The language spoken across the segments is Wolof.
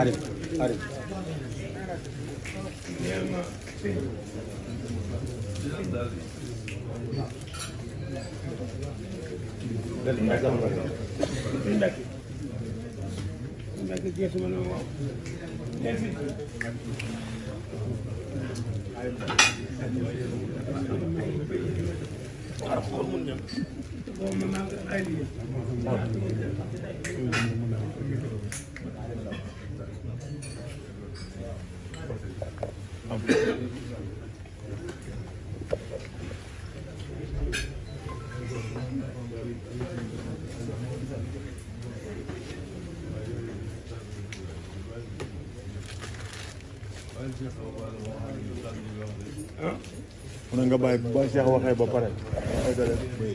Arif, Arif. nee na Thank you. mën nga bàyyi ba Cheikh waxee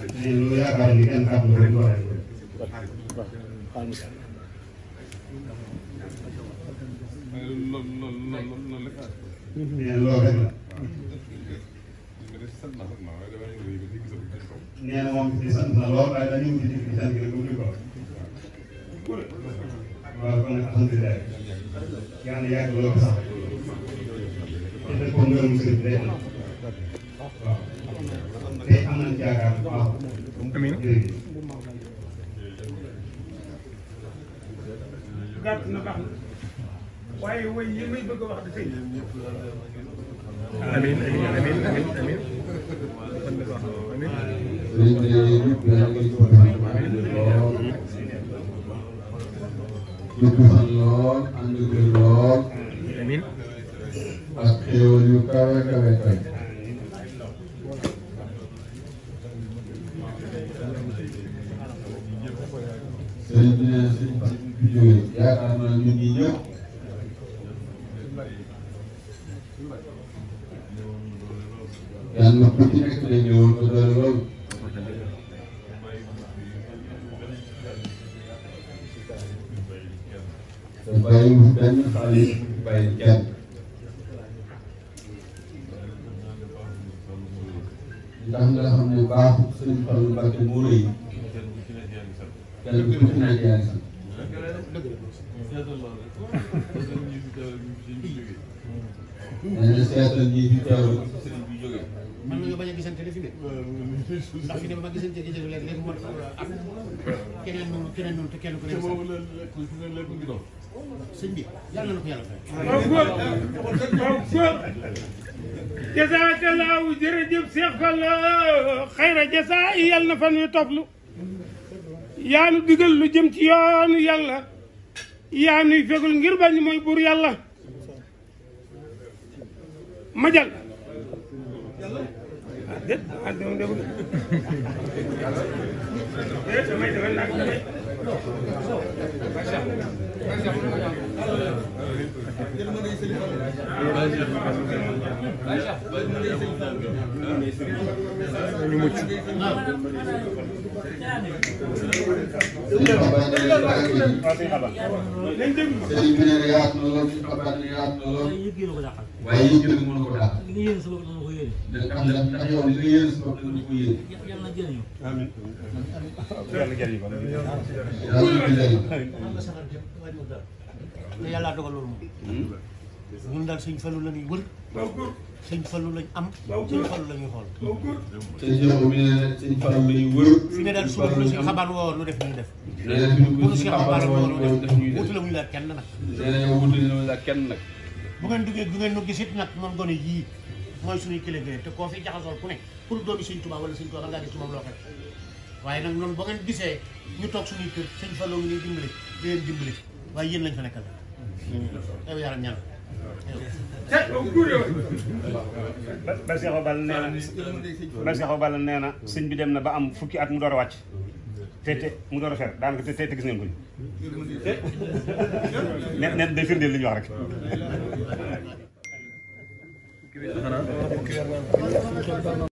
lu yaakaar ni kenn kàddu rek nga loolu rek la. nee na moom di sant na lool waaye dañoo wuti di sant rek mu ko waaw kon nag alhamdulilah yàlla yàgg lool sax. te ko ngërëm sëriñ bi day am. te am nañu yaakaar waaw. amiin jërëjëf. gàtt na baax na waaye way yi may bëgg a wax dafay. amiin amiin amiin amiin amiin. dugg fan lool am dugg lool. amiin. ak xéewal yu kawe kawe kawe. sëriñ bi ne sëriñ bi bi jógee yaakaar naa ñun ñi ñëpp yàlla ku ci nekk de ñëwoon ko doole lool te bàyyi wu benn xaalis bàyyi kenn ndax xam ne baaxu sëriñ Fallu Mbàkke moo rëy kenn ku ci nekk yaa nga bañ a gisante ba ma gisante gisante léegi léegi moo am keneen noonu keneen noonu te kenn ku nekk sëñ bi yàlla na jazaakallaahu jërëjëf Cheikh Fall xayra jazaa yal na fan yu toflu yaa nu digal lu jëm ci yoonu yàlla yaa nuy fegul ngir bañ mooy buur yàlla majal ñu mucc sëriñ bi ne yaatu na lool suñu papa ne yaatu na lool waaye yëg nag mën ko daal am na am yow li nga yéen sa bopp dana ñu ko yéen amiin te yàlla dogal loolu moom. ñun daal sëñ Fallou la ñuy wër. sëñ Fallou lañ am. sëñ Fallou la ñuy xool. sëñ Fallou mi ne sëñ Fallou la ñuy wër. fi ne daal suba lu si xabaar woo lu def ñu def. bu lu si xabaar woo lu def ñu def wutale wuñu la kenn nag. na wutale wuñu la kenn nag. bu ngeen duggee bu ngeen nu gisit nag moom gone yii mooy suñuy kilifa te koo fi jaxasool ku ne pour doomi sëñ Tuubaa wala sëñ Tuubaa ngaa gis loo xam waaye nag loolu ba ngeen gisee ñu toog suñuy kër sëñ Fallou ngi ñuy dimbali di waaye yéen lañ fa nekkal. yow yàlla ba Seexu Bal nee ba Seexu Bal nee na sëñ bi dem na ba am fukki at mu door a wàcc te te mu door a fer daanaka te te gis ngeen ko ñu. nen nen day firndeel li wax rek.